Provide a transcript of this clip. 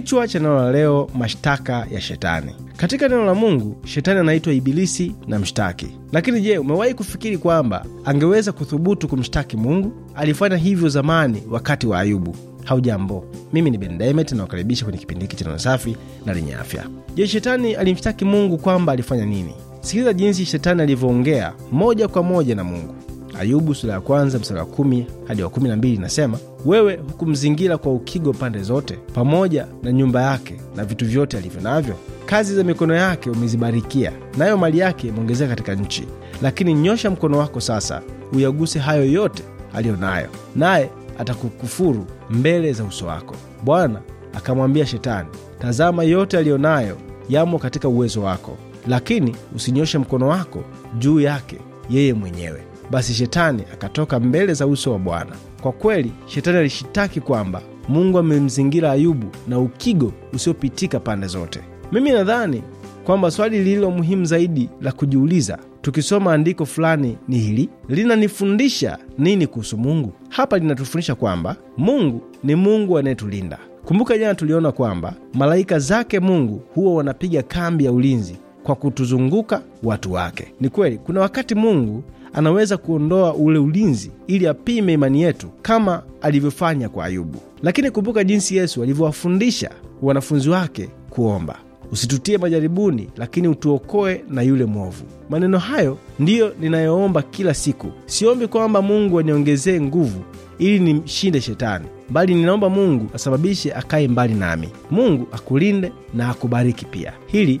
Kichwa cha neno la leo, mashtaka ya shetani. Katika neno la Mungu, shetani anaitwa Ibilisi na mshtaki. Lakini je, umewahi kufikiri kwamba angeweza kuthubutu kumshtaki Mungu? Alifanya hivyo zamani wakati wa Ayubu. Haujambo, mimi ni Ben Demet na nawakaribisha kwenye kipindi hiki cha neno safi na lenye afya. Je, shetani alimshtaki Mungu kwamba alifanya nini? Sikiliza jinsi shetani alivyoongea moja kwa moja na Mungu. Ayubu sura ya kwanza mstari wa kumi hadi wa kumi na mbili inasema, wewe hukumzingira kwa ukigo pande zote, pamoja na nyumba yake na vitu vyote alivyo navyo. Kazi za mikono yake umezibarikia, nayo mali yake imeongezeka katika nchi. Lakini nyosha mkono wako sasa, uyaguse hayo yote aliyo nayo, naye atakukufuru mbele za uso wako. Bwana akamwambia Shetani, tazama, yote aliyo nayo yamo katika uwezo wako, lakini usinyoshe mkono wako juu yake yeye mwenyewe. Basi shetani akatoka mbele za uso wa Bwana. Kwa kweli, shetani alishitaki kwamba Mungu amemzingira Ayubu na ukigo usiopitika pande zote. Mimi nadhani kwamba swali lililo muhimu zaidi la kujiuliza tukisoma andiko fulani ni hili: linanifundisha nini kuhusu Mungu? Hapa linatufundisha kwamba Mungu ni Mungu anayetulinda. Kumbuka jana tuliona kwamba malaika zake Mungu huwa wanapiga kambi ya ulinzi kwa kutuzunguka watu wake. Ni kweli kuna wakati Mungu anaweza kuondoa ule ulinzi ili apime imani yetu kama alivyofanya kwa Ayubu. Lakini kumbuka jinsi Yesu alivyowafundisha wanafunzi wake kuomba, usitutie majaribuni, lakini utuokoe na yule mwovu. Maneno hayo ndiyo ninayoomba kila siku. Siombi kwamba Mungu aniongezee nguvu ili nimshinde Shetani, bali ninaomba Mungu asababishe akaye mbali nami. Mungu akulinde na akubariki pia. Hili